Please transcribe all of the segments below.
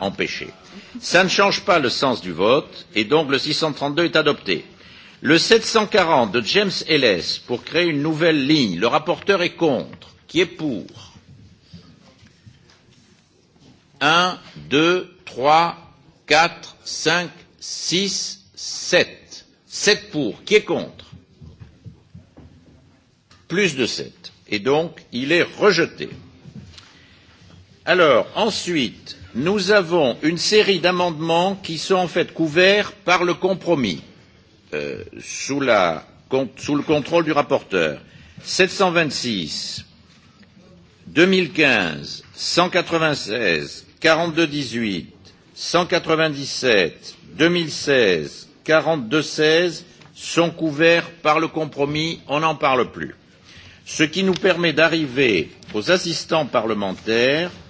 empêché. Ça ne change pas le sens du vote et donc le 632 est adopté. Le 740 de James Ellis pour créer une nouvelle ligne. Le rapporteur est contre. Qui est pour 1, 2, 3, 4, 5, 6, 7. 7 pour. Qui est contre Plus de 7. Et donc, il est rejeté. Alors, ensuite, nous avons une série d'amendements qui sont en fait couverts par le compromis euh, sous, la, sous le contrôle du rapporteur. 726, 2015, 196, 4218, 197, 2016, 4216 sont couverts par le compromis, on n'en parle plus. Ce qui nous permet d'arriver aux assistants parlementaires –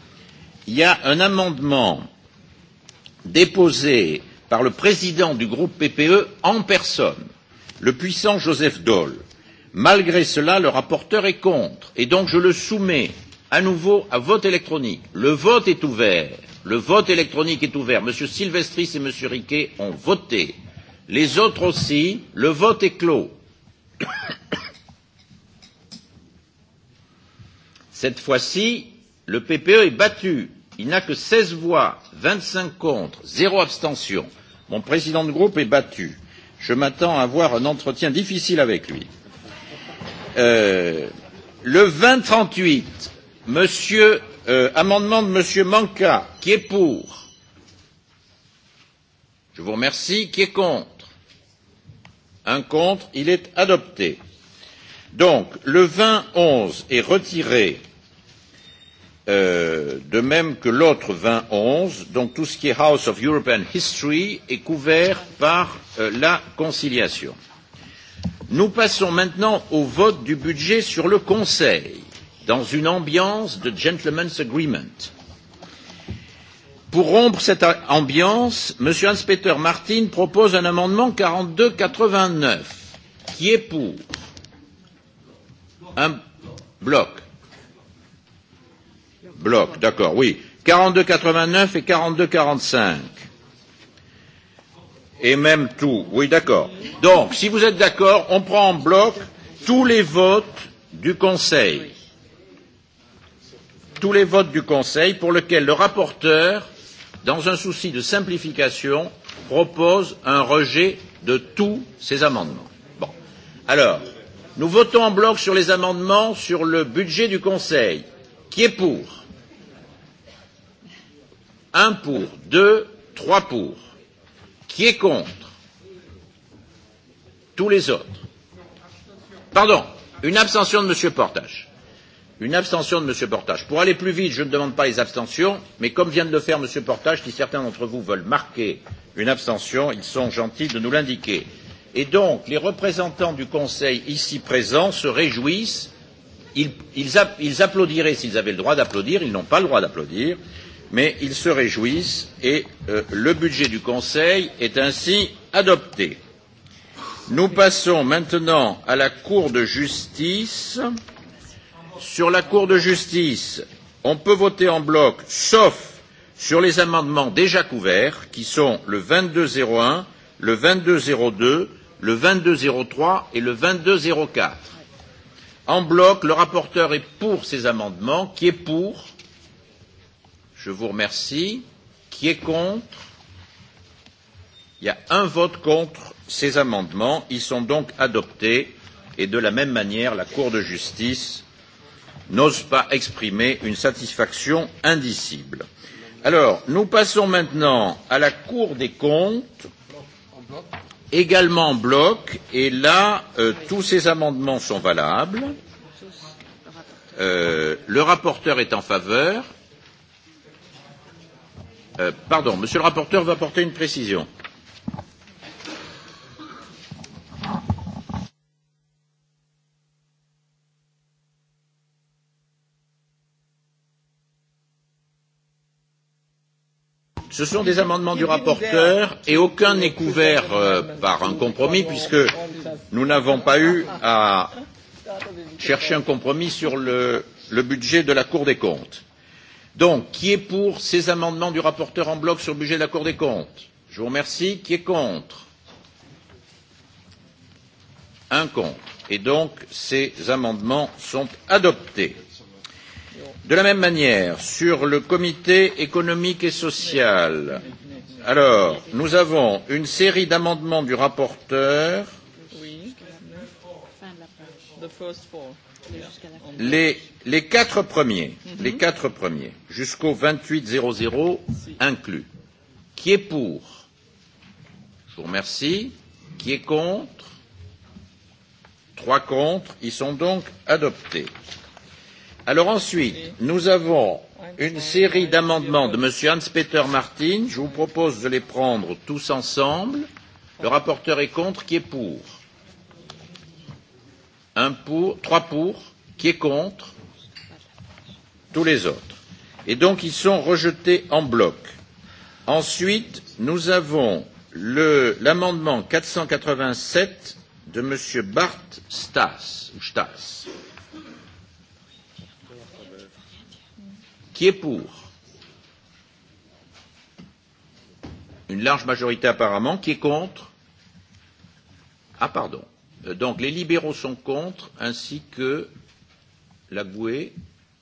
il y a un amendement déposé par le président du groupe PPE en personne, le puissant Joseph Daul. Malgré cela, le rapporteur est contre, et donc je le soumets à nouveau à vote électronique. Le vote est ouvert. Le vote électronique est ouvert. Monsieur Silvestris et Monsieur Riquet ont voté. Les autres aussi. Le vote est clos. Cette fois-ci, le PPE est battu. Il n'a que seize voix, vingt cinq contre, zéro abstention. Mon président de groupe est battu. Je m'attends à avoir un entretien difficile avec lui. Euh, le huit monsieur, euh, amendement de monsieur Manca, qui est pour Je vous remercie. Qui est contre Un contre. Il est adopté. Donc, le vingt onze est retiré de même que l'autre vingt onze, donc tout ce qui est House of European History est couvert par la conciliation. Nous passons maintenant au vote du budget sur le Conseil, dans une ambiance de gentleman's agreement. Pour rompre cette ambiance, M. Hans-Peter Martin propose un amendement quarante deux quatre-vingt-neuf, qui est pour un bloc. Bloc, d'accord, oui. 42,89 et 42,45. Et même tout. Oui, d'accord. Donc, si vous êtes d'accord, on prend en bloc tous les votes du Conseil. Tous les votes du Conseil pour lesquels le rapporteur, dans un souci de simplification, propose un rejet de tous ces amendements. Bon. Alors, nous votons en bloc sur les amendements sur le budget du Conseil. Qui est pour Un pour, deux, trois pour. Qui est contre Tous les autres. Pardon, une abstention de M. Portage. Une abstention de M. Portage. Pour aller plus vite, je ne demande pas les abstentions, mais comme vient de le faire M. Portage, si certains d'entre vous veulent marquer une abstention, ils sont gentils de nous l'indiquer. Et donc, les représentants du Conseil ici présents se réjouissent, ils, ils, ils applaudiraient s'ils avaient le droit d'applaudir, ils n'ont pas le droit d'applaudir, mais ils se réjouissent et le budget du Conseil est ainsi adopté. Nous passons maintenant à la Cour de justice. Sur la Cour de justice, on peut voter en bloc, sauf sur les amendements déjà couverts, qui sont le vingt-deux zéro un, le deux zéro deux, le deux zéro trois et le deux zéro quatre. En bloc, le rapporteur est pour ces amendements. Qui est pour Je vous remercie. Qui est contre Il y a un vote contre ces amendements. Ils sont donc adoptés. Et de la même manière, la Cour de justice n'ose pas exprimer une satisfaction indicible. Alors, nous passons maintenant à la Cour des comptes, également en bloc, et là, euh, tous ces amendements sont valables. Euh, le rapporteur est en faveur pardon, monsieur le rapporteur veut apporter une précision. Ce sont des amendements du rapporteur et aucun n'est couvert par un compromis puisque nous n'avons pas eu à chercher un compromis sur le, budget de la Cour des comptes. Donc, qui est pour ces amendements du rapporteur en bloc sur le budget de la Cour des comptes Je vous remercie. Qui est contre Un contre. Et donc, ces amendements sont adoptés. De la même manière, sur le comité économique et social, alors, nous avons une série d'amendements du rapporteur. Oui. The first four les, les quatre premiers, les quatre premiers, jusqu'au 2800 inclus. Qui est pour Je vous remercie. Qui est contre Trois contre. Ils sont donc adoptés. Alors ensuite, nous avons une série d'amendements de M. Hans-Peter Martin. Je vous propose de les prendre tous ensemble. Le rapporteur est contre. Qui est pour Un pour, trois pour, qui est contre Tous les autres. Et donc ils sont rejetés en bloc. Ensuite, nous avons l'amendement 487 de M. Bart Stas, ou Stas. Qui est pour Une large majorité apparemment. Qui est contre Ah pardon. Donc les libéraux sont contre, ainsi que la Gouée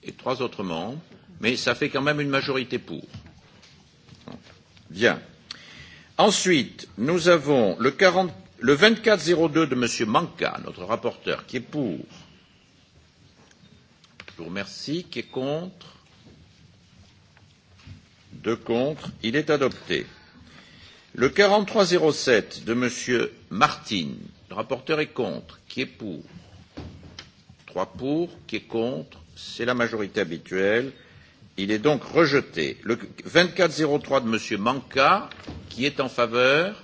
et trois autres membres, mais ça fait quand même une majorité pour. Bien. Ensuite, nous avons le, 40, le 2402 de M. Manca, notre rapporteur, qui est pour. Je vous remercie. Qui est contre Deux contre. Il est adopté. Le 4307 de M. Martine, Le rapporteur est contre. Qui est pour Trois pour. Qui est contre C'est la majorité habituelle. Il est donc rejeté. Le 2403 de Monsieur Manca, qui est en faveur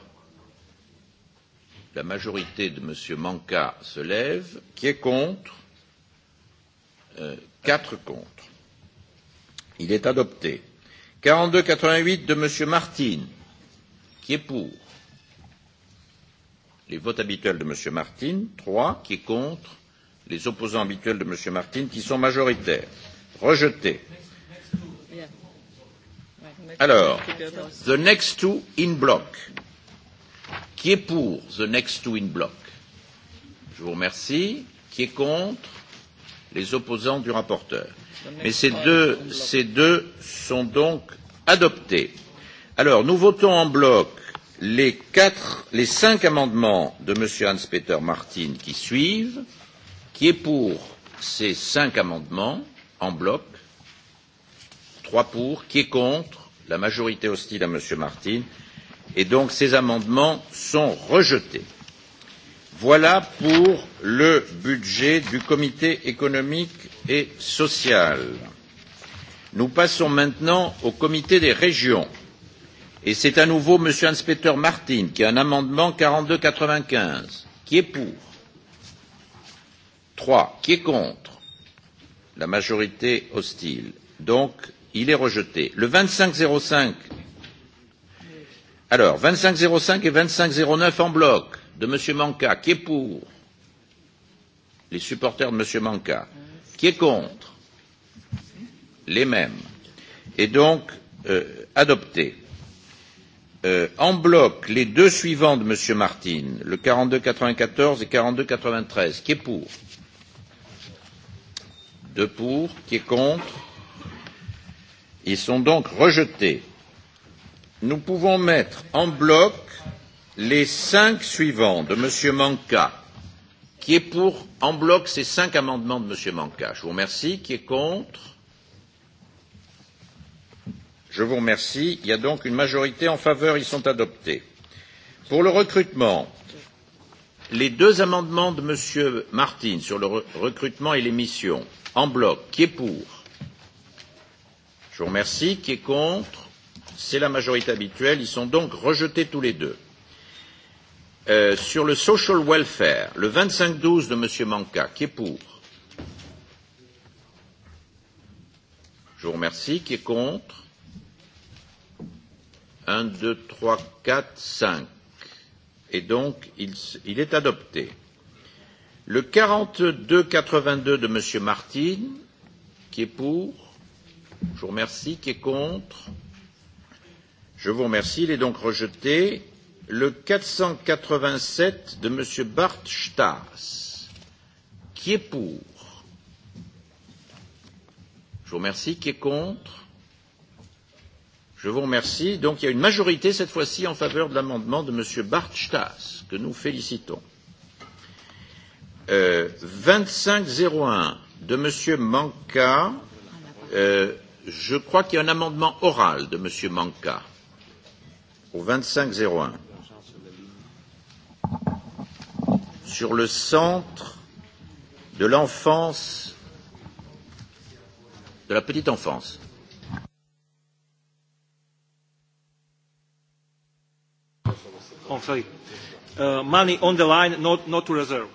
La majorité de Monsieur Manca se lève. Qui est contre euh, Quatre contre. Il est adopté. 4288 de Monsieur Martine, qui est pour les votes habituels de M. Martin, trois qui est contre, les opposants habituels de M. Martin qui sont majoritaires. Rejeté. Alors, the next two in bloc. Qui est pour the next two in bloc Je vous remercie. Qui est contre Les opposants du rapporteur. Mais ces deux, ces deux sont donc adoptés. Alors, nous votons en bloc les, cinq amendements de M. Hans Peter Martin qui suivent, qui est pour ces cinq amendements en bloc, trois pour, qui est contre, la majorité hostile à M. Martin, et donc ces amendements sont rejetés. Voilà pour le budget du comité économique et social. Nous passons maintenant au comité des régions. Et c'est à nouveau M. l'inspecteur Martin qui a un amendement quarante deux quatre-vingt-quinze. Qui est pour Trois. Qui est contre La majorité hostile. Donc, il est rejeté. Le vingt cinq zéro cinq. Alors, vingt cinq zéro cinq et vingt cinq zéro neuf en bloc de M. Manca. Qui est pour Les supporters de M. Manca. Qui est contre Les mêmes. Et donc, euh, adopté en bloc les deux suivants de M. Martin, le quarante deux quatre vingt quatorze et quarante deux quatre vingt treize, qui est pour Deux pour, qui est contre Ils sont donc rejetés. Nous pouvons mettre en bloc les cinq suivants de M. Manca, qui est pour en bloc ces cinq amendements de M. Manca. Je vous remercie. Qui est contre Je vous remercie. Il y a donc une majorité en faveur. Ils sont adoptés. Pour le recrutement, les deux amendements de M. Martin sur le recrutement et les missions, en bloc, qui est pour Je vous remercie. Qui est contre C'est la majorité habituelle. Ils sont donc rejetés tous les deux. Euh, sur le social welfare, le vingt cinq douze de M. Manca, qui est pour Je vous remercie. Qui est contre 1, 2, 3, 4, 5. Et donc, il, il est adopté. Le 42-82 de M. Martin, qui est pour, je vous remercie, qui est contre, je vous remercie, il est donc rejeté. Le 487 de M. Bart Stas, qui est pour, je vous remercie, qui est contre, Je vous remercie. Donc il y a une majorité cette fois-ci en faveur de l'amendement de M. Bart Stas, que nous félicitons. Euh, 2501 de M. Manka, Euh, je crois qu'il y a un amendement oral de M. Manca au 2501 sur le centre de l'enfance, de la petite enfance. oh, sorry, uh, money on the line, not, not to reserve.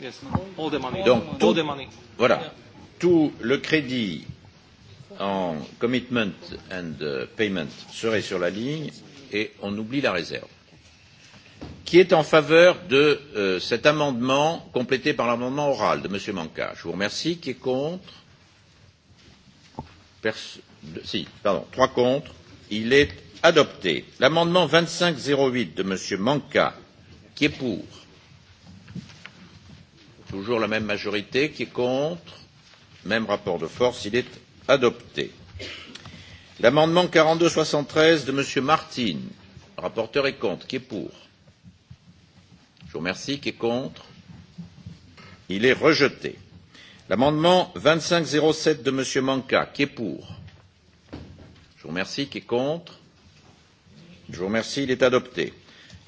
Yes, all the money. Donc, all tout, the money. Voilà. Tout le crédit en commitment and payment serait sur la ligne et on oublie la réserve. Qui est en faveur de euh, cet amendement complété par l'amendement oral de M. Manca Je vous remercie. Qui est contre si, pardon, trois contre. Il est adopté. L'amendement 2508 de Monsieur Manca, qui est pour Toujours la même majorité, qui est contre Même rapport de force, il est adopté. L'amendement 4273 de Monsieur Martin, rapporteur est contre, qui est pour Je vous remercie, qui est contre Il est rejeté. L'amendement vingt cinq zéro sept de M. Manca, qui est pour Je vous remercie. Qui est contre Je vous remercie. Il est adopté.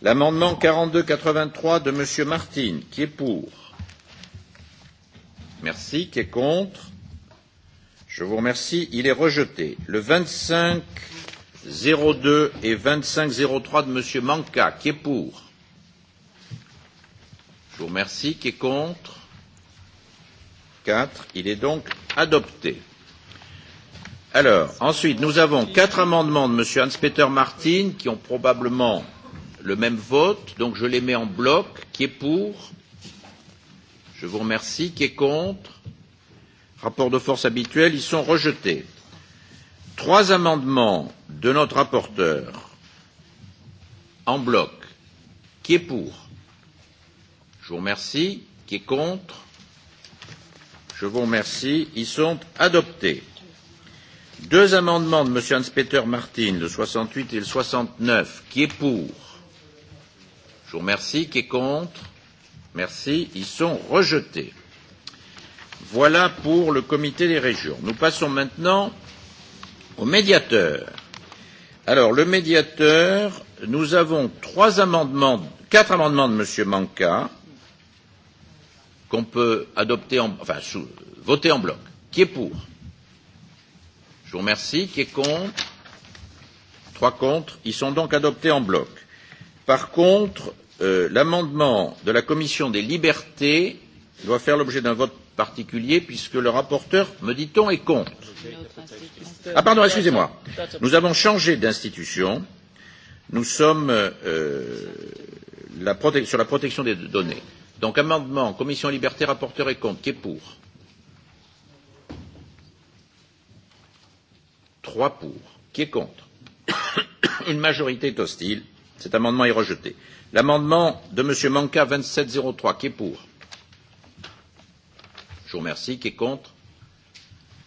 L'amendement quarante deux quatre-vingt-trois de M. Martin, qui est pour Merci. Qui est contre Je vous remercie. Il est rejeté. Le vingt cinq zéro deux et vingt cinq zéro trois de M. Manca, qui est pour Je vous remercie. Qui est contre quatre. Il est donc adopté. Alors, ensuite, nous avons quatre amendements de M. Hans-Peter Martin qui ont probablement le même vote, donc je les mets en bloc. Qui est pour Je vous remercie. Qui est contre Rapport de force habituel, ils sont rejetés. Trois amendements de notre rapporteur en bloc. Qui est pour Je vous remercie. Qui est contre Je vous remercie. Ils sont adoptés. Deux amendements de M. Hans-Peter Martin, le soixante huit et le soixante neuf, Qui est pour Je vous remercie. Qui est contre Merci. Ils sont rejetés. Voilà pour le comité des régions. Nous passons maintenant au médiateur. Alors, le médiateur, nous avons trois amendements, quatre amendements de M. Manca, qu'on peut adopter en, enfin, sous, voter en bloc. Qui est pour Je vous remercie. Qui est contre Trois contre. Ils sont donc adoptés en bloc. Par contre, euh, l'amendement de la commission des libertés doit faire l'objet d'un vote particulier puisque le rapporteur, me dit-on, est contre. Ah pardon, excusez-moi. Nous avons changé d'institution. Nous sommes euh, la sur la protection des données. Donc amendement, commission liberté, rapporteur et compte, qui est pour Trois pour. Qui est contre Une majorité est hostile. Cet amendement est rejeté. L'amendement de M. Manca, 2703, qui est pour Je vous remercie. Qui est contre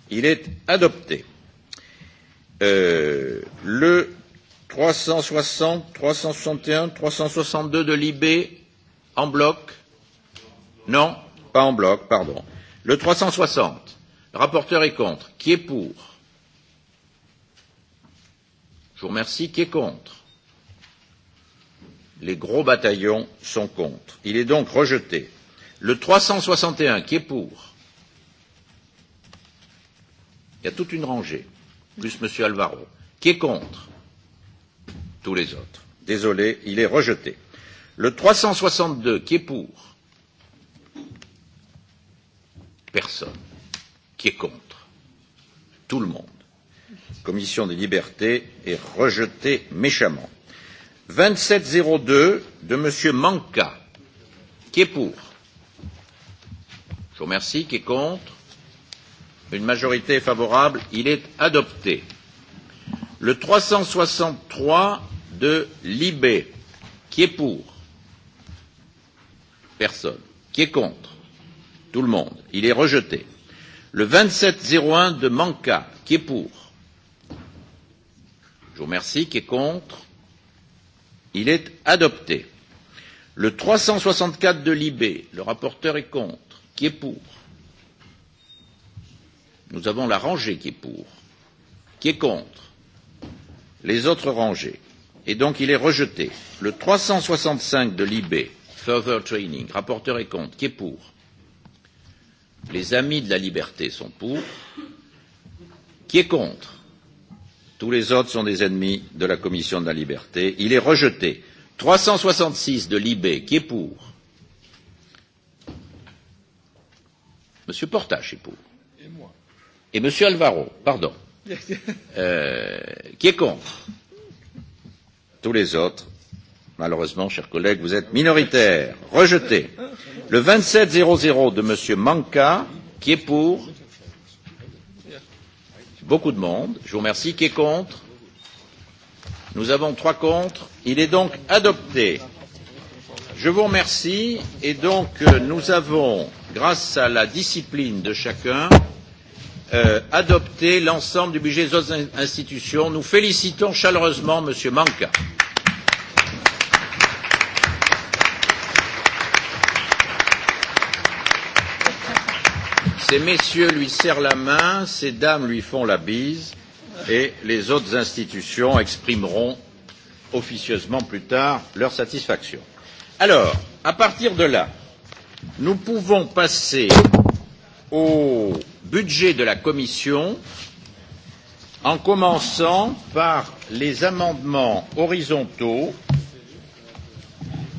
Il est adopté. Euh, le 360, 361, 362 de l'IB en bloc Non Pas en bloc, pardon. Le 360. Le rapporteur est contre. Qui est pour Je vous remercie. Qui est contre Les gros bataillons sont contre. Il est donc rejeté. Le 361, qui est pour Il y a toute une rangée, plus M. Alvaro. Qui est contre Tous les autres. Désolé, il est rejeté. Le 362, qui est pour Personne. Qui est contre Tout le monde. Commission des libertés est rejetée méchamment. 2702 de Monsieur Manca. Qui est pour Je vous remercie. Qui est contre Une majorité est favorable. Il est adopté. Le 363 de Libé. Qui est pour Personne. Qui est contre tout le monde. Il est rejeté. Le 2701 de Manca, qui est pour Je vous remercie. Qui est contre Il est adopté. Le 364 de Libé, le rapporteur est contre. Qui est pour Nous avons la rangée qui est pour. Qui est contre Les autres rangées. Et donc il est rejeté. Le 365 de Libé, Further Training, rapporteur est contre. Qui est pour Les amis de la liberté sont pour. Qui est contre Tous les autres sont des ennemis de la commission de la liberté. Il est rejeté. 366 de l'IB, qui est pour Monsieur Portache est pour. Et moi. Et Monsieur Alvaro, pardon. Euh, qui est contre Tous les autres Malheureusement, chers collègues, vous êtes minoritaires. Rejeté. Le 2700 de Monsieur Manca, qui est pour Beaucoup de monde. Je vous remercie. Qui est contre Nous avons trois contre. Il est donc adopté. Je vous remercie. Et donc, nous avons, grâce à la discipline de chacun, euh, adopté l'ensemble du budget des autres institutions. Nous félicitons chaleureusement Monsieur Manca. Ces messieurs lui serrent la main, ces dames lui font la bise, et les autres institutions exprimeront officieusement plus tard leur satisfaction. Alors, à partir de là, nous pouvons passer au budget de la Commission en commençant par les amendements horizontaux.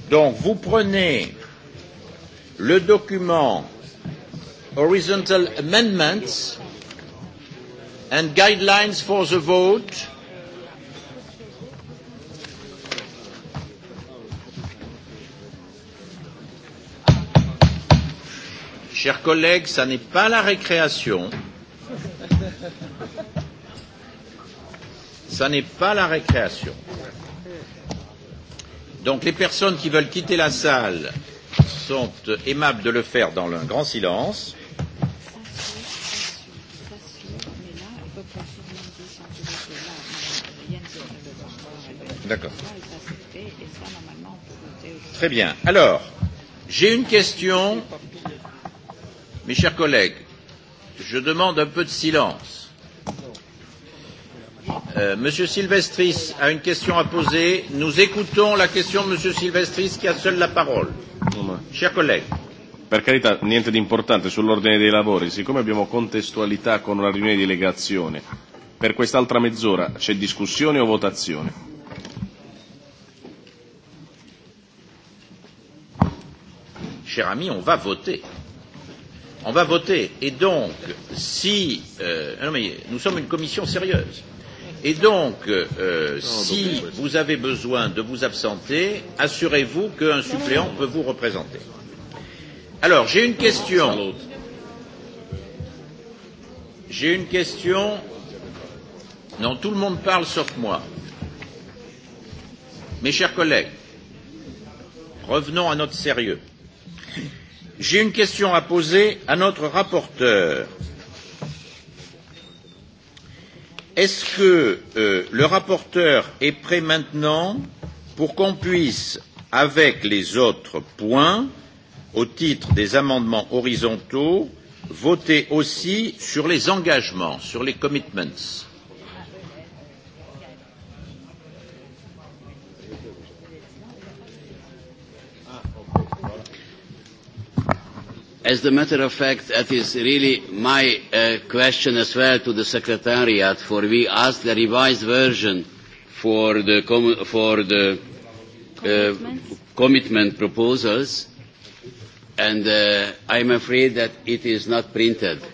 Donc, vous prenez le document horizontal amendments and guidelines for the vote. Chers collègues, ça n'est pas la récréation. Ça n'est pas la récréation. Donc les personnes qui veulent quitter la salle sont aimables de le faire dans un grand silence. D'accord. Très bien. Alors, j'ai une question. Mes chers collègues, je demande un peu de silence. Euh, Monsieur Silvestris a une question à poser. Nous écoutons la question de Monsieur Silvestris qui a seul la parole. Chers collègues. Per carità, niente di importante sull'ordine dei lavori. Siccome abbiamo contestualità con una riunione di delegazione, per quest'altra mezz'ora c'è discussione o votazione? cher ami, on va voter. On va voter. Et donc, si. Euh, non, mais nous sommes une commission sérieuse. Et donc, euh, si vous avez besoin de vous absenter, assurez-vous qu'un suppléant peut vous représenter. Alors, j'ai une question. J'ai une question. Non, tout le monde parle sauf moi. Mes chers collègues, revenons à notre sérieux. J'ai une question à poser à notre rapporteur. Est-ce que euh, le rapporteur est prêt maintenant pour qu'on puisse, avec les autres points, au titre des amendements horizontaux, voter aussi sur les engagements, sur les commitments As a matter of fact, that is really my uh, question as well to the Secretariat, for we asked the revised version for the, com for the uh, commitment proposals, and uh, I'm afraid that it is not printed.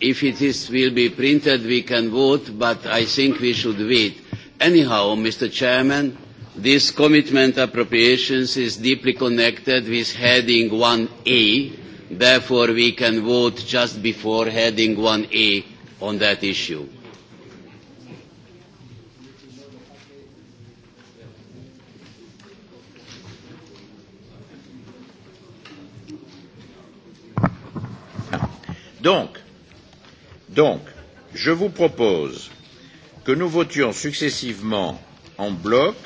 If it is, will be printed, we can vote, but I think we should wait. Anyhow, Mr. Chairman, This commitment appropriations is deeply connected with heading 1A, therefore we can vote just before heading 1A on that issue. Donc, donc, je vous propose que nous votions successivement en bloc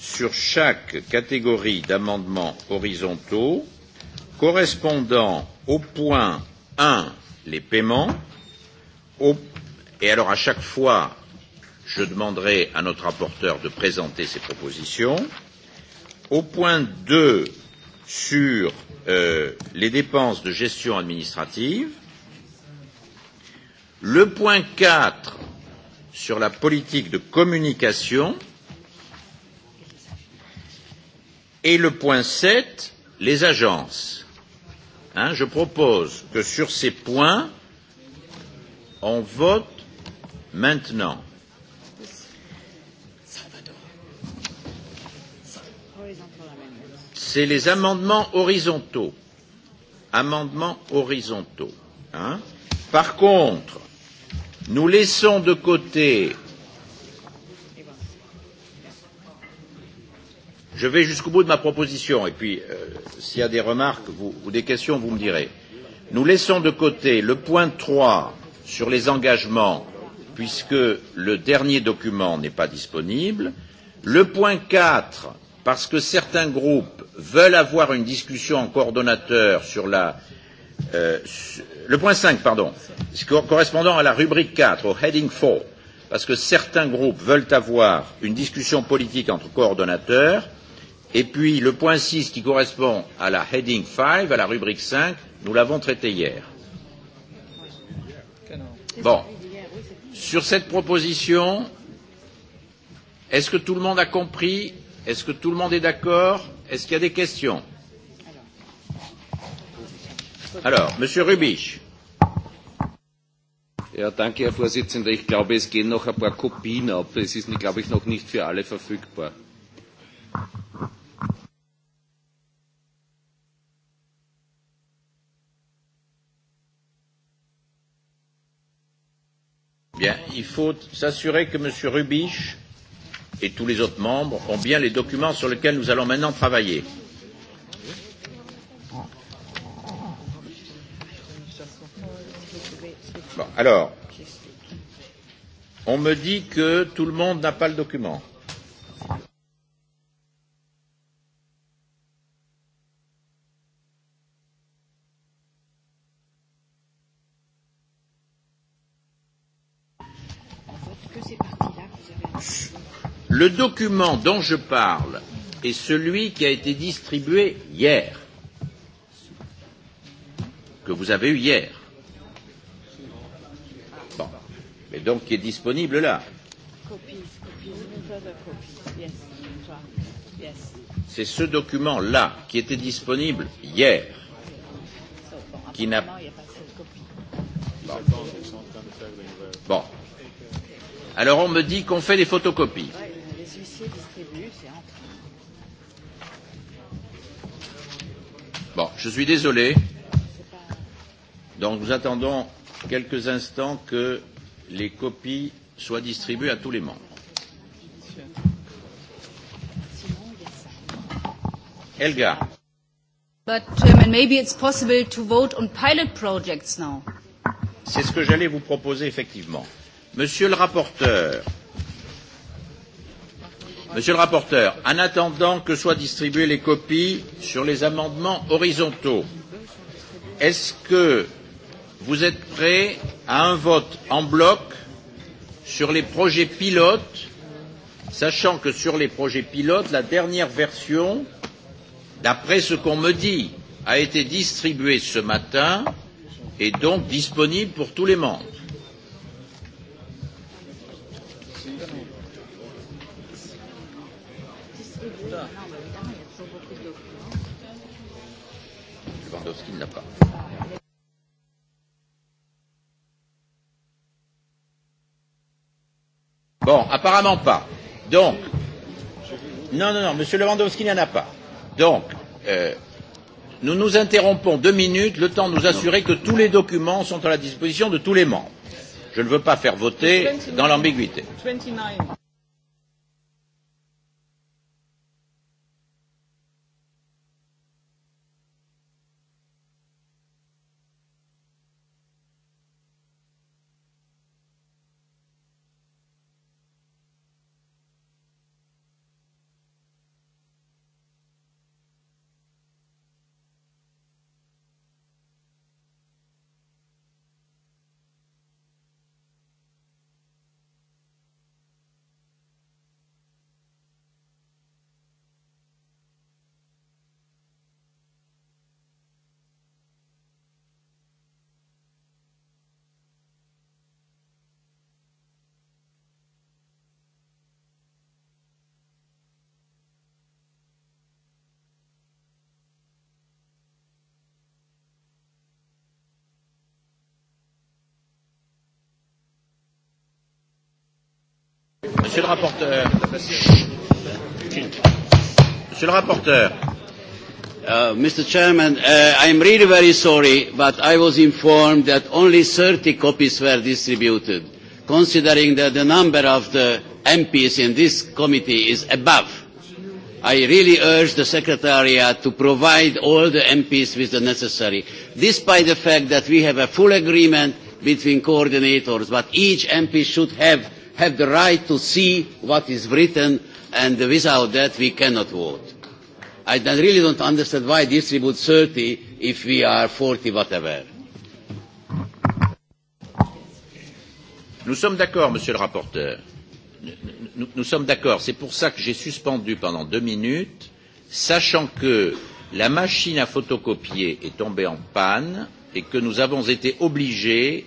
sur chaque catégorie d'amendements horizontaux correspondant au point 1 les paiements au... et alors à chaque fois je demanderai à notre rapporteur de présenter ses propositions au point 2 sur euh, les dépenses de gestion administrative le point 4 sur la politique de communication Et le point sept, les agences. Hein, je propose que sur ces points, on vote maintenant. C'est les amendements horizontaux. Amendements horizontaux. Hein. Par contre, nous laissons de côté Je vais jusqu'au bout de ma proposition et puis euh, s'il y a des remarques vous, ou des questions, vous me direz. Nous laissons de côté le point 3 sur les engagements puisque le dernier document n'est pas disponible. Le point 4 parce que certains groupes veulent avoir une discussion en coordonnateur sur la euh, le point 5 pardon correspondant à la rubrique 4 au heading 4 parce que certains groupes veulent avoir une discussion politique entre coordonnateurs Et puis le point six qui correspond à la heading five, à la rubrique cinq, nous l'avons traité hier. Bon. Sur cette proposition, est-ce que tout le monde a compris Est-ce que tout le monde est d'accord Est-ce qu'il y a des questions Alors, Monsieur Rubisch, Ja, danke, Herr Vorsitzender. Ich glaube, es gehen noch ein paar Kopien ab. Es ist, glaube ich, noch nicht für alle verfügbar. Bien, il faut s'assurer que M. Rubich et tous les autres membres ont bien les documents sur lesquels nous allons maintenant travailler. Bon, alors, on me dit que tout le monde n'a pas le document. Le document dont je parle est celui qui a été distribué hier, que vous avez eu hier, bon. mais donc qui est disponible là. C'est ce document-là qui était disponible hier qui n'a Alors on me dit qu'on fait des photocopies. Bon, je suis désolé. Donc nous attendons quelques instants que les copies soient distribuées à tous les membres. Elga, But Chairman, maybe it's possible to vote on pilot projects now. C'est ce que j'allais vous proposer effectivement. Monsieur le rapporteur, Monsieur le rapporteur, en attendant que soient distribuées les copies sur les amendements horizontaux, est-ce que vous êtes prêt à un vote en bloc sur les projets pilotes, sachant que sur les projets pilotes, la dernière version, d'après ce qu'on me dit, a été distribuée ce matin et donc disponible pour tous les membres. Lewandowski n'a pas. Bon, apparemment pas. Donc, non, non, non, Monsieur Lewandowski n'en a pas. Donc, euh, nous nous interrompons deux minutes, le temps de nous assurer que tous les documents sont à la disposition de tous les membres. Je ne veux pas faire voter dans l'ambiguïté. Monsieur le rapporteur. Monsieur le rapporteur. Uh, Mr. Chairman, uh, I'm really very sorry, but I was informed that only 30 copies were distributed, considering that the number of the MPs in this committee is above. I really urge the Secretariat to provide all the MPs with the necessary, despite the fact that we have a full agreement between coordinators, but each MP should have have the right to see what is written, and without that we cannot vote. I really don't understand why distribute 30 if we are 40 whatever. Nous sommes d'accord, monsieur le rapporteur. Nous, nous sommes d'accord. C'est pour ça que j'ai suspendu pendant deux minutes, sachant que la machine à photocopier est tombée en panne et que nous avons été obligés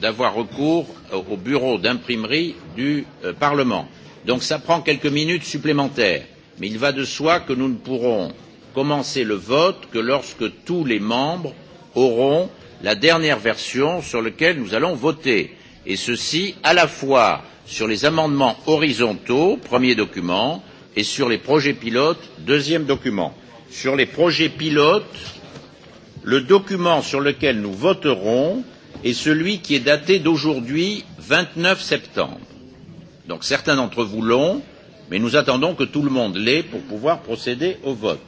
d'avoir recours au bureau d'imprimerie du Parlement. Donc cela prend quelques minutes supplémentaires, mais il va de soi que nous ne pourrons commencer le vote que lorsque tous les membres auront la dernière version sur laquelle nous allons voter, et ceci à la fois sur les amendements horizontaux, premier document, et sur les projets pilotes, deuxième document. Sur les projets pilotes, le document sur lequel nous voterons et celui qui est daté d'aujourd'hui, 29 septembre. Donc certains d'entre vous l'ont, mais nous attendons que tout le monde l'ait pour pouvoir procéder au vote.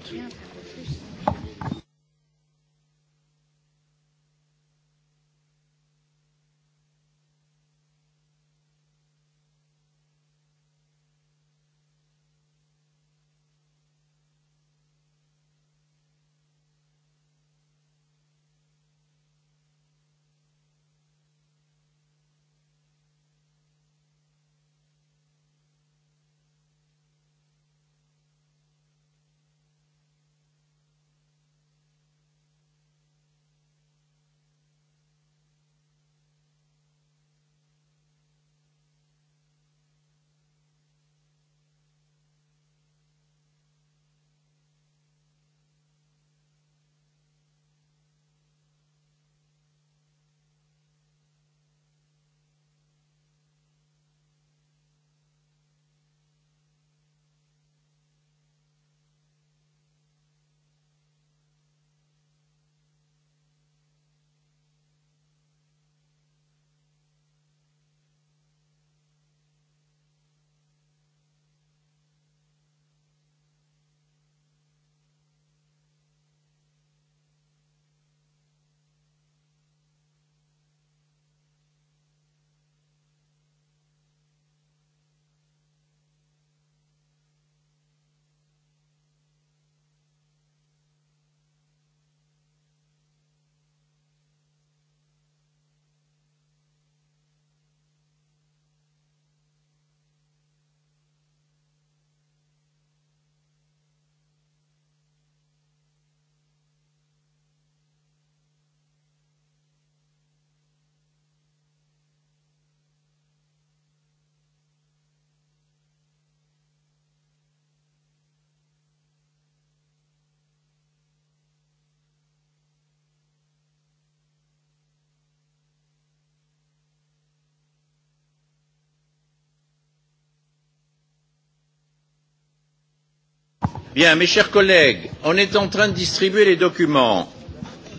Bien, mes chers collègues, on est en train de distribuer les documents.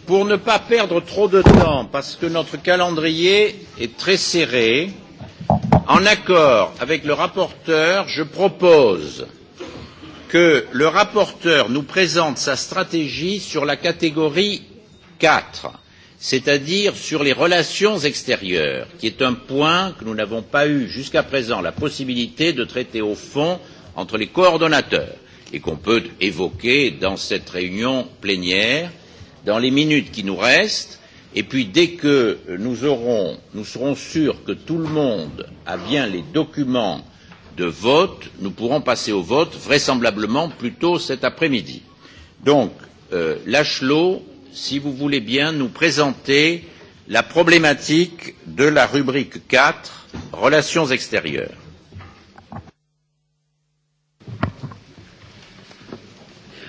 Pour ne pas perdre trop de temps, parce que notre calendrier est très serré, en accord avec le rapporteur, je propose que le rapporteur nous présente sa stratégie sur la catégorie quatre, c'est-à-dire sur les relations extérieures, qui est un point que nous n'avons pas eu jusqu'à présent la possibilité de traiter au fond entre les coordonnateurs et qu'on peut évoquer dans cette réunion plénière, dans les minutes qui nous restent, et puis dès que nous aurons, nous serons sûrs que tout le monde a bien les documents de vote, nous pourrons passer au vote vraisemblablement plus tôt cet après-midi. Donc, euh, Lachelot, si vous voulez bien nous présenter la problématique de la rubrique 4, relations extérieures.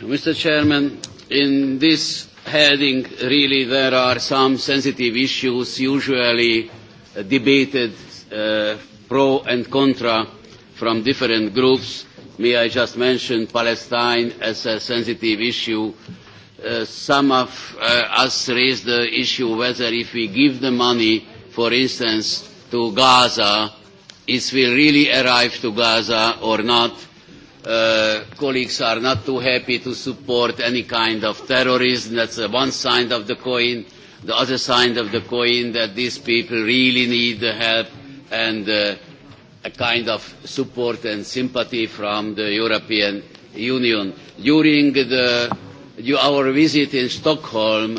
Mr. Chairman, in this heading, really, there are some sensitive issues usually debated uh, pro and contra from different groups. May I just mention Palestine as a sensitive issue. Uh, some of uh, us raised the issue whether if we give the money, for instance, to Gaza, it will really arrive to Gaza or not uh, colleagues are not too happy to support any kind of terrorism. That's uh, one side of the coin. The other side of the coin that these people really need the help and uh, a kind of support and sympathy from the European Union. During the, our visit in Stockholm,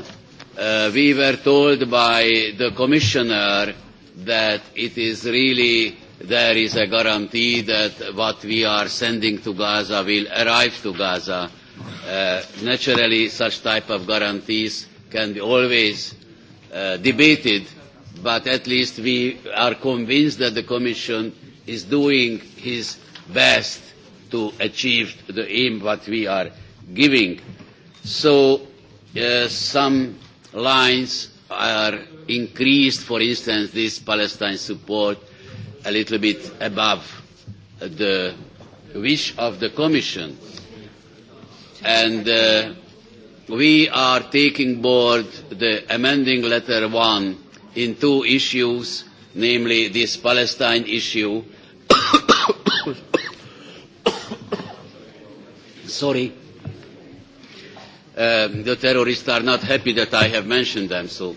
uh, we were told by the Commissioner that it is really there is a guarantee that what we are sending to Gaza will arrive to Gaza. Uh, naturally, such type of guarantees can be always uh, debated, but at least we are convinced that the Commission is doing his best to achieve the aim what we are giving. So uh, some lines are increased, for instance, this Palestine support a little bit above the wish of the Commission. And uh, we are taking board the amending letter one in two issues, namely this Palestine issue. Sorry. Uh, the terrorists are not happy that I have mentioned them, so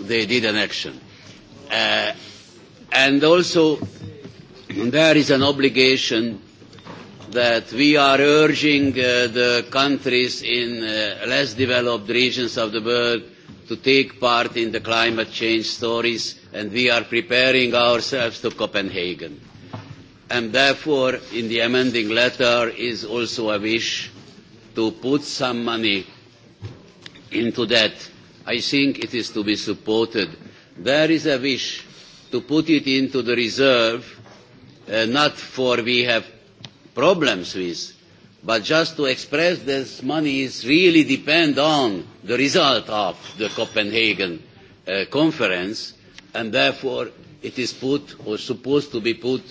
they did an action. Uh, And also, there is an obligation that we are urging uh, the countries in uh, less developed regions of the world to take part in the climate change stories, and we are preparing ourselves to Copenhagen. And therefore, in the amending letter is also a wish to put some money into that. I think it is to be supported. There is a wish to put it into the reserve, uh, not for we have problems with, but just to express this money is really depend on the result of the Copenhagen uh, conference, and therefore it is put or supposed to be put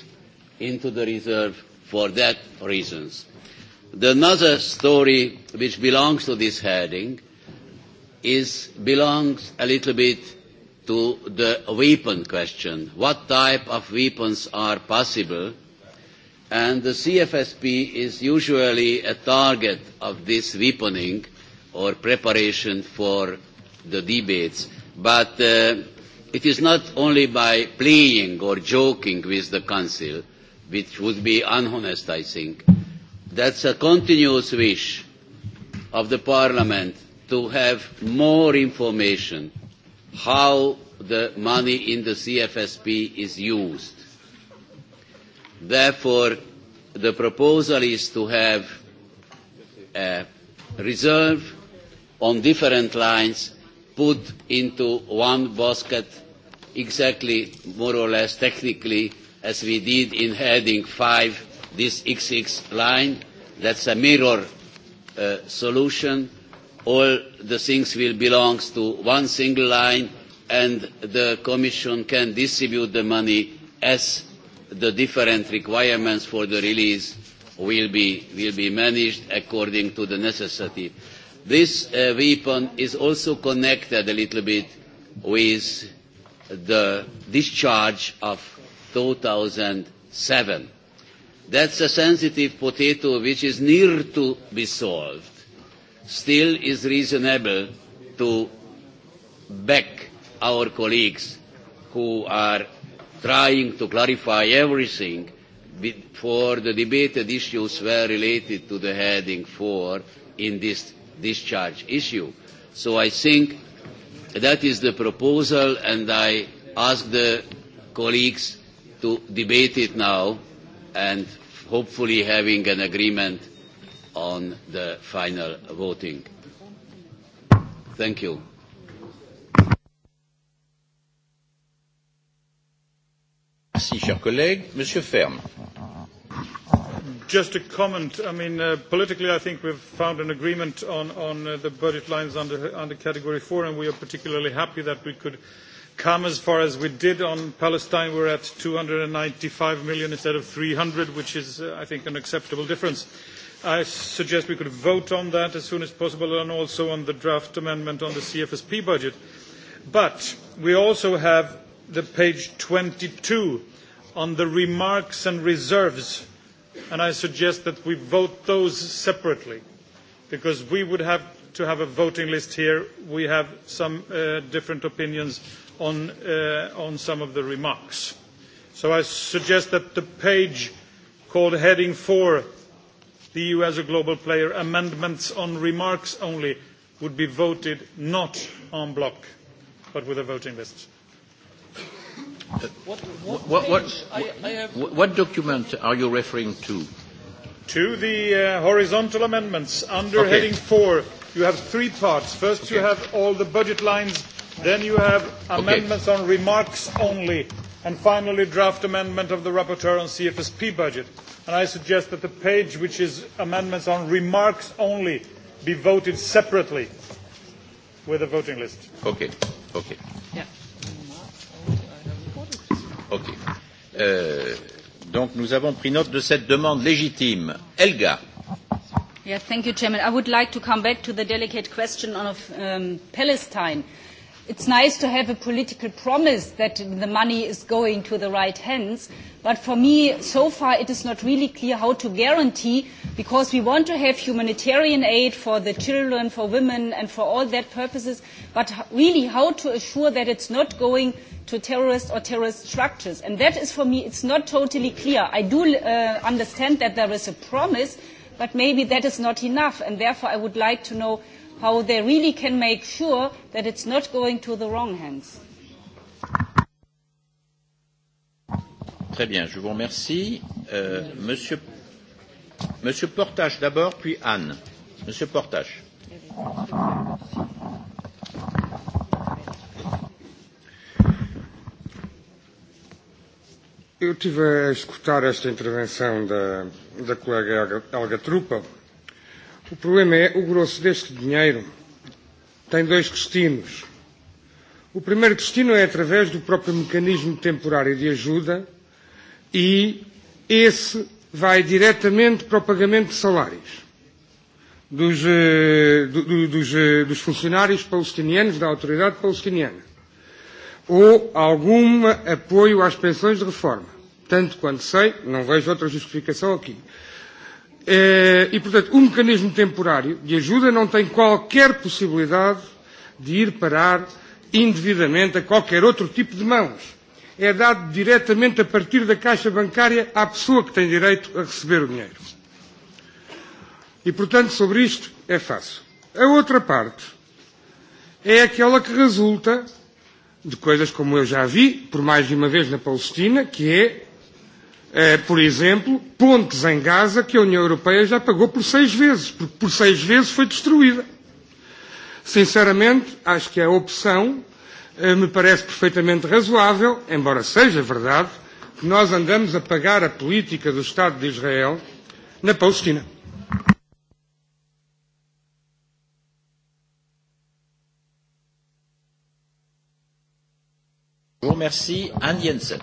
into the reserve for that reasons. The another story which belongs to this heading is belongs a little bit to the weapon question. What type of weapons are possible? And the CFSP is usually a target of this weaponing or preparation for the debates. But uh, it is not only by playing or joking with the Council, which would be unhonest, I think. That's a continuous wish of the Parliament to have more information how the money in the CFSP is used. Therefore, the proposal is to have a reserve on different lines put into one basket exactly more or less technically as we did in heading 5 this XX line. That's a mirror uh, solution all the things will belong to one single line and the Commission can distribute the money as the different requirements for the release will be, will be managed according to the necessity. This uh, weapon is also connected a little bit with the discharge of 2007. That's a sensitive potato which is near to be solved still is reasonable to back our colleagues who are trying to clarify everything for the debated issues were related to the heading 4 in this discharge issue. So I think that is the proposal and I ask the colleagues to debate it now and hopefully having an agreement on the final voting. Thank you. Merci, cher collègue. Monsieur Ferme. Just a comment. I mean, uh, politically, I think we've found an agreement on, on uh, the budget lines under, under Category 4, and we are particularly happy that we could come as far as we did on Palestine. We're at 295 million instead of 300, which is, uh, I think, an acceptable difference I suggest we could vote on that as soon as possible and also on the draft amendment on the CFSP budget. But we also have the page 22 on the remarks and reserves, and I suggest that we vote those separately because we would have to have a voting list here. We have some different opinions on some of the remarks. So I suggest that the page called heading 4 the EU as a global player, amendments on remarks only would be voted not en bloc, but with a voting list. What, what, what, what, what document are you referring to? To the uh, horizontal amendments under okay. heading four You have three parts. First, okay. you have all the budget lines. Then you have amendments on remarks only And finally, draft amendment of the rapporteur on CFSP budget. And I suggest that the page which is amendments on remarks only be voted separately with a voting list. Okay. Okay. Yeah. Okay. Euh, donc nous avons pris note de cette demande légitime. Helga. Yeah, thank you, Chairman. I would like to come back to the delicate question of um, Palestine. Uh, it's nice to have a political promise that the money is going to the right hands, but for me, so far, it is not really clear how to guarantee, because we want to have humanitarian aid for the children, for women, and for all that purposes, but really how to assure that it's not going to terrorist or terrorist structures. And that is, for me, it's not totally clear. I do uh, understand that there is a promise, but maybe that is not enough, and therefore I would like to know how they really can make sure that it's not going to the wrong hands. Très bien, je vous remercie. Euh, monsieur, monsieur Portage d'abord, puis Anne. Monsieur Portage. Eu tive a escutar esta intervenção da, da colega Trupa O problema é o grosso deste dinheiro. Tem dois destinos. O primeiro destino é através do próprio mecanismo temporário de ajuda e esse vai diretamente para o pagamento de salários dos, do, dos, dos funcionários palestinianos, da autoridade palestiniana, ou algum apoio às pensões de reforma. Tanto quanto sei, não vejo outra justificação aqui. E, portanto, o mecanismo temporário de ajuda não tem qualquer possibilidade de ir parar indevidamente a qualquer outro tipo de mãos. É dado diretamente a partir da caixa bancária à pessoa que tem direito a receber o dinheiro. E, portanto, sobre isto é fácil. A outra parte é aquela que resulta de coisas como eu já vi, por mais de uma vez na Palestina, que é É, por exemplo, pontes em Gaza que a União Europeia já pagou por seis vezes, porque por seis vezes foi destruída. Sinceramente, acho que a opção me parece perfeitamente razoável, embora seja verdade que nós andamos a pagar a política do Estado de Israel na Palestina. Merci, Anne Jensen.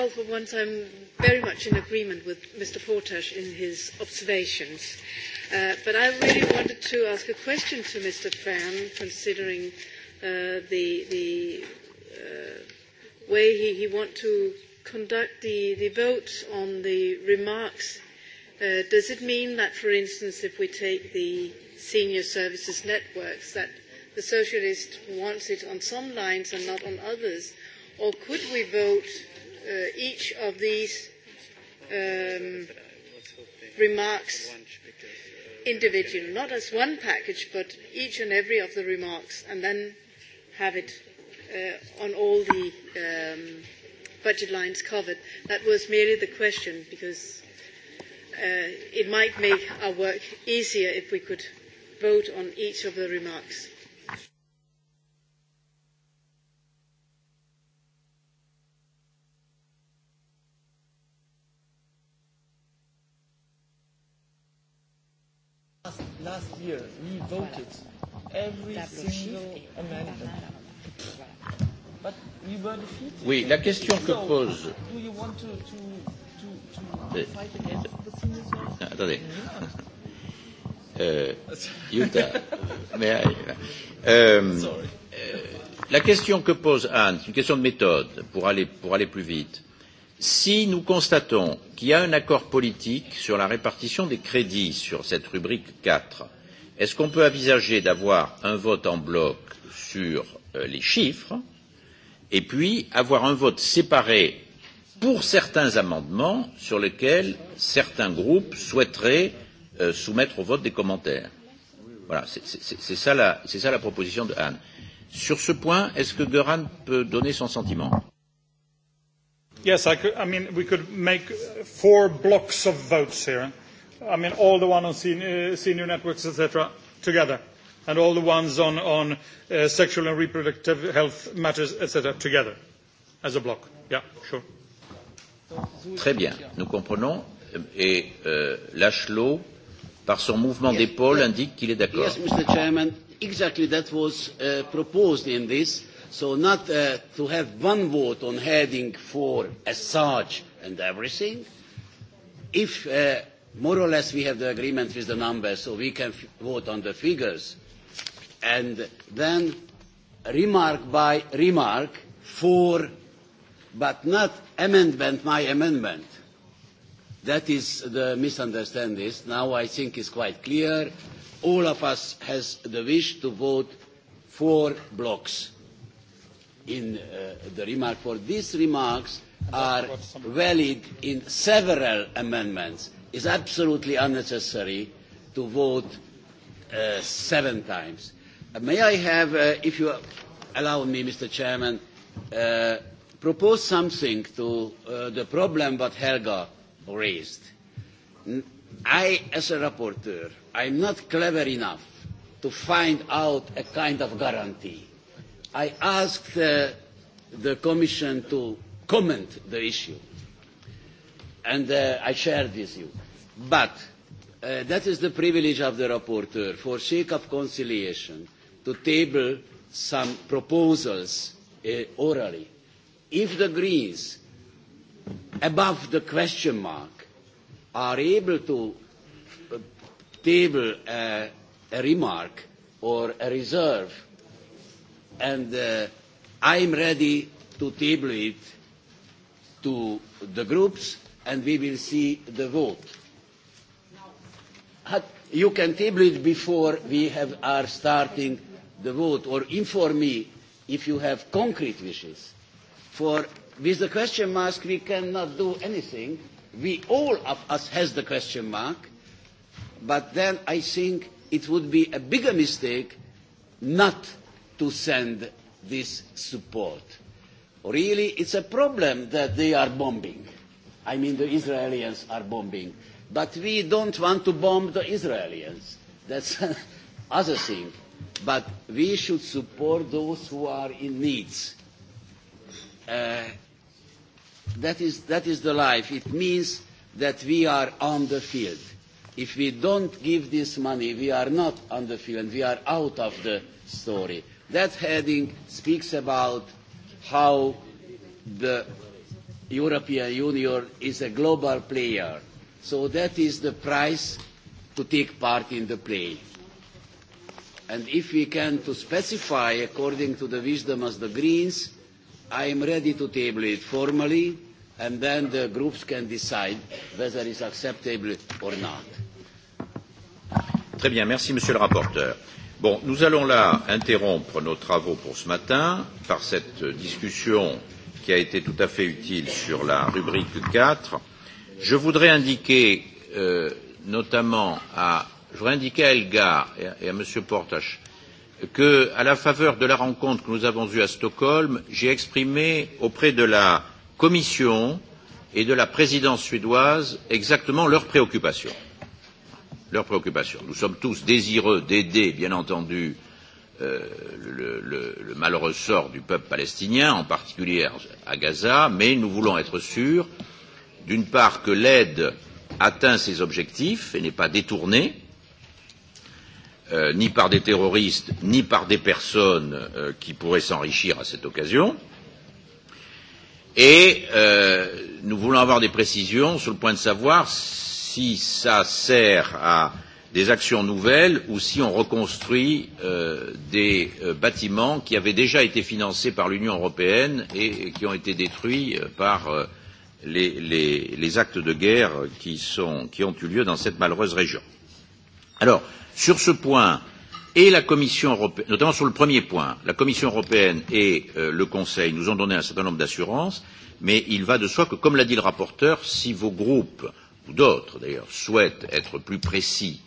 Well, for once, I'm very much in agreement with Mr. Fortash in his observations. Uh, but I really wanted to ask a question to Mr. Fan, considering uh, the, the uh, way he, he wants to conduct the, the vote on the remarks. Uh, does it mean that, for instance, if we take the senior services networks, that the socialist wants it on some lines and not on others? Or could we vote each of these um, remarks individually, not as one package, but each and every of the remarks, and then have it uh, on all the um, budget lines covered. That was merely the question, because uh, it might make our work easier if we could vote on each of the remarks. last year, we voted every single amendment. But we were defeated. Oui, la question que pose. Do you want to, to, to, to fight against the single Attendez. Euh, Utah. Mais, euh, Euh, la question que pose Anne, c'est une question de méthode pour aller, pour aller plus vite Si nous constatons qu'il y a un accord politique sur la répartition des crédits sur cette rubrique quatre est-ce qu'on peut envisager d'avoir un vote en bloc sur les chiffres et puis avoir un vote séparé pour certains amendements sur lesquels certains groupes souhaiteraient soumettre au vote des commentaires. Voilà, c'est ça, la proposition de Anne. Sur ce point, est-ce que Göran peut donner son sentiment Yes, I could, I mean, we could make four blocks of votes here. I mean, all the ones on senior, senior networks, etc., together, and all the ones on, on uh, sexual and reproductive health matters, etc., together, as a block. Yeah, sure. Très bien, nous comprenons. Et euh, Lachelot, par son mouvement d'épaule, indique qu'il est d'accord. Yes, Mr. Chairman, exactly that was uh, proposed in this So not uh, to have one vote on heading for such and everything. If uh, more or less we have the agreement with the numbers, so we can vote on the figures, and then remark by remark for, but not amendment by amendment. That is the misunderstanding. Now I think it's quite clear. All of us has the wish to vote for blocks in uh, the remark, for these remarks are valid in several amendments. It's absolutely unnecessary to vote uh, seven times. Uh, may I have, uh, if you allow me, Mr. Chairman, uh, propose something to uh, the problem that Helga raised. I, as a rapporteur, I'm not clever enough to find out a kind of guarantee I asked uh, the Commission to comment the issue, and uh, I share with you. But uh, that is the privilege of the rapporteur, for sake of conciliation, to table some proposals uh, orally. If the Greens, above the question mark, are able to table a remark or a reserve and uh, I'm ready to table it to the groups and we will see the vote. You can table it before we have, are starting the vote or inform me if you have concrete wishes. For with the question mark we cannot do anything. We all of us has the question mark, but then I think it would be a bigger mistake not to send this support. Really, it's a problem that they are bombing. I mean, the Israelis are bombing. But we don't want to bomb the Israelis. That's another thing. But we should support those who are in need. Uh, that, is, that is the life. It means that we are on the field. If we don't give this money, we are not on the field we are out of the story. That heading speaks about how the European Union is a global player. So that is the price to take part in the play. And if we can to specify according to the wisdom of the Greens, I am ready to table it formally, and then the groups can decide whether it is acceptable or not. Très bien, merci Monsieur le rapporteur nous allons là interrompre nos travaux pour ce matin par cette discussion qui a été tout à fait utile sur la rubrique 4. Je voudrais indiquer euh, notamment à, je voudrais indiquer à Elga et à, et à Monsieur Portache que, à la faveur de la rencontre que nous avons eue à Stockholm, j'ai exprimé auprès de la Commission et de la présidence suédoise exactement leurs préoccupations leurs préoccupations. Nous sommes tous désireux d'aider, bien entendu, le, le, le malheureux sort du peuple palestinien, en particulier à Gaza, mais nous voulons être sûrs, d'une part, que l'aide atteint ses objectifs et n'est pas détournée, ni par des terroristes, ni par des personnes qui pourraient s'enrichir à cette occasion. Et nous voulons avoir des précisions sur le point de savoir si ça sert à des actions nouvelles ou si on reconstruit euh, des euh, bâtiments qui avaient déjà été financés par l'Union européenne et, et qui ont été détruits par euh, les, les, les actes de guerre qui, sont, qui ont eu lieu dans cette malheureuse région. Alors, sur ce point, et la Commission européenne, notamment sur le premier point, la Commission européenne et euh, le Conseil nous ont donné un certain nombre d'assurances, mais il va de soi que, comme l'a dit le rapporteur, si vos groupes ou d'autres d'ailleurs, souhaitent être plus précis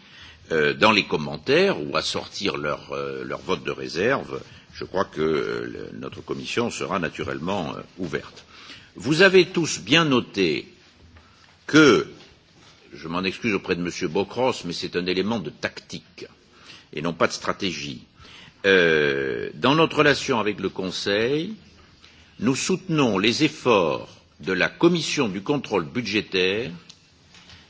euh, dans les commentaires ou assortir leur, euh, leur vote de réserve, je crois que euh, notre commission sera naturellement euh, ouverte. Vous avez tous bien noté que, je m'en excuse auprès de M. Bocros, mais c'est un élément de tactique et non pas de stratégie. Euh, dans notre relation avec le Conseil, nous soutenons les efforts de la Commission du contrôle budgétaire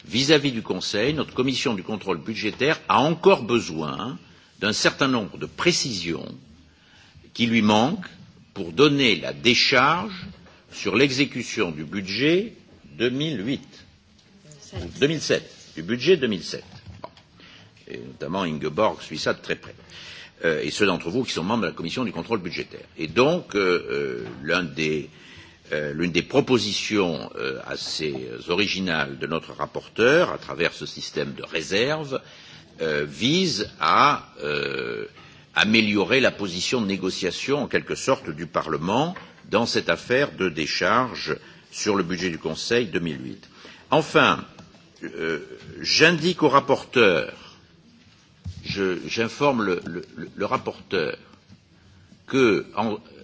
vis-à-vis du Conseil, notre commission du contrôle budgétaire a encore besoin d'un certain nombre de précisions qui lui manquent pour donner la décharge sur l'exécution du budget 2008 mille 2007, du budget 2007. Et notamment Ingeborg suit ça de très près. Euh, et ceux d'entre vous qui sont membres de la commission du contrôle budgétaire. Et donc, euh, euh, l'un des euh, l'une des propositions assez originales de notre rapporteur, à travers ce système de réserve, vise à améliorer la position de négociation, en quelque sorte, du Parlement dans cette affaire de décharge sur le budget du Conseil deux mille huit. Enfin, j'indique au rapporteur, j'informe le, rapporteur que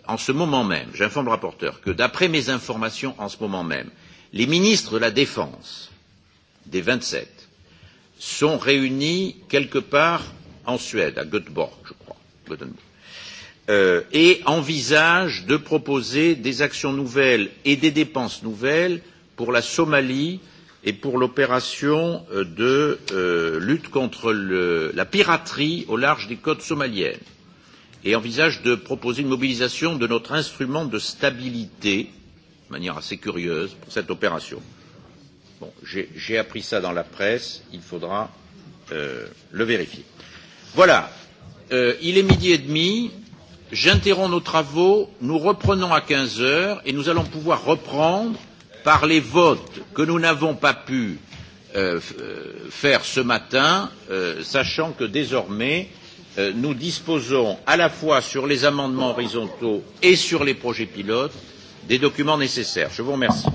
en ce moment même, j'informe le rapporteur que, d'après mes informations en ce moment même, les ministres de la Défense des vingt sept sont réunis quelque part en Suède, à Göteborg, je crois, Göteborg, et envisagent de proposer des actions nouvelles et des dépenses nouvelles pour la Somalie et pour l'opération de lutte contre la piraterie au large des côtes somaliennes et envisage de proposer une mobilisation de notre instrument de stabilité, de manière assez curieuse, pour cette opération. Bon, j'ai appris ça dans la presse, il faudra euh, le vérifier. Voilà, euh, il est midi et demi, j'interromps nos travaux, nous reprenons à 15 heures et nous allons pouvoir reprendre par les votes que nous n'avons pas pu euh, faire ce matin, euh, sachant que désormais, nous disposons à la fois sur les amendements horizontaux et sur les projets pilotes des documents nécessaires. Je vous remercie.